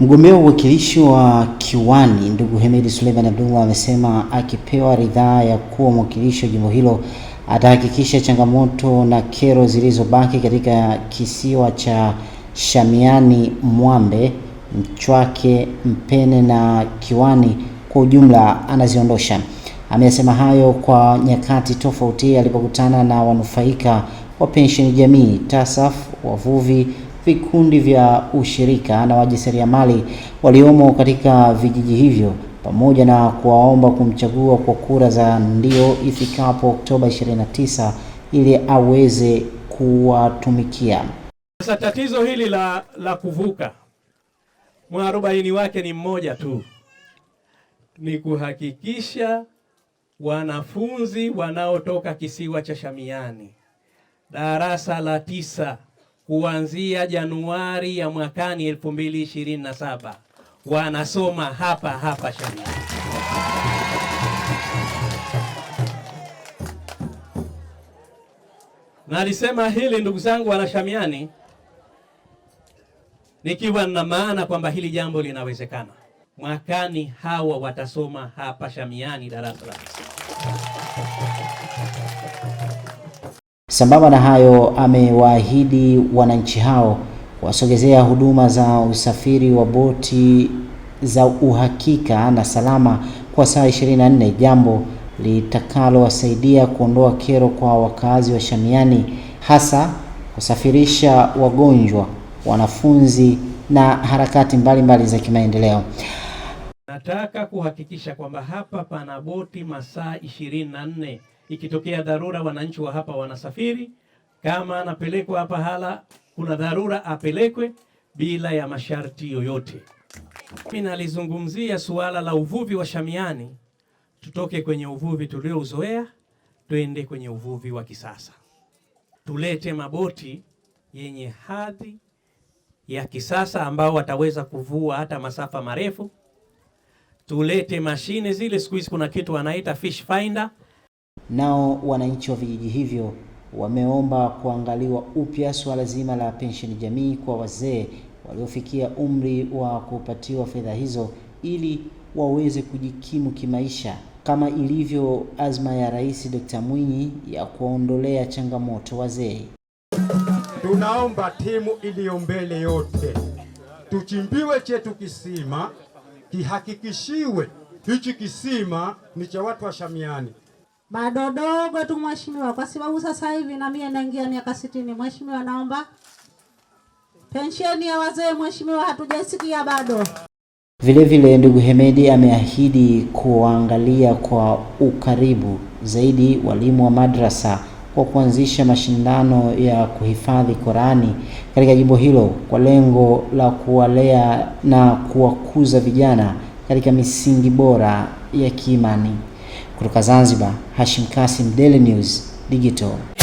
Mgombea wa uwakilishi wa Kiwani ndugu Hemedi Suleiman Abdullah amesema akipewa ridhaa ya kuwa mwakilishi wa jimbo hilo atahakikisha changamoto na kero zilizobaki katika kisiwa cha Shamiani Mwambe, Mchwake, Mpene na Kiwani kwa ujumla anaziondosha. Amesema hayo kwa nyakati tofauti alipokutana na wanufaika wa pensheni jamii, TASAF, wavuvi vikundi vya ushirika na wajasiriamali waliomo katika vijiji hivyo pamoja na kuwaomba kumchagua kwa kura za ndio ifikapo Oktoba 29 ili aweze kuwatumikia. Sasa tatizo hili la, la kuvuka mwarobaini wake ni mmoja tu, ni kuhakikisha wanafunzi wanaotoka kisiwa cha Shamiani darasa la tisa kuanzia Januari ya mwakani 2027 wanasoma hapa hapa Shamila. Nalisema hili ndugu zangu wana shamiani nikiwa na maana kwamba hili jambo linawezekana. Mwakani hawa watasoma hapa Shamiani darasa la Sambamba na hayo, amewaahidi wananchi hao kuwasogezea huduma za usafiri wa boti za uhakika na salama kwa saa 24, jambo litakalowasaidia kuondoa kero kwa wakazi wa Shamiani, hasa kusafirisha wagonjwa, wanafunzi na harakati mbalimbali mbali za kimaendeleo. Nataka kuhakikisha kwamba hapa pana boti masaa 24. Ikitokea dharura, wananchi wa hapa wanasafiri. Kama anapelekwa hapa hala kuna dharura, apelekwe bila ya masharti yoyote. Mimi nalizungumzia suala la uvuvi wa Shamiani. Tutoke kwenye uvuvi tuliozoea twende kwenye uvuvi wa kisasa. Tulete maboti yenye hadhi ya kisasa ambao wataweza kuvua hata masafa marefu. Tulete mashine zile, siku hizi kuna kitu wanaita fish finder Nao wananchi wa vijiji hivyo wameomba kuangaliwa upya suala zima la pensheni jamii kwa wazee waliofikia umri wa kupatiwa fedha hizo ili waweze kujikimu kimaisha kama ilivyo azma ya Rais Dr. Mwinyi ya kuondolea changamoto wazee. Tunaomba timu iliyo mbele yote tuchimbiwe chetu kisima, kihakikishiwe hichi kisima ni cha watu wa Shamiani bado dogo tu mheshimiwa, kwa sababu sasa hivi na mimi naingia miaka sitini. Mheshimiwa, naomba pensheni ya wazee mheshimiwa, hatujasikia bado. Vilevile ndugu Hemedi ameahidi kuangalia kwa ukaribu zaidi walimu wa madrasa kwa kuanzisha mashindano ya kuhifadhi Qurani katika jimbo hilo kwa lengo la kuwalea na kuwakuza vijana katika misingi bora ya kiimani. Kutoka Zanzibar, Hashim Kasim, Daily News Digital.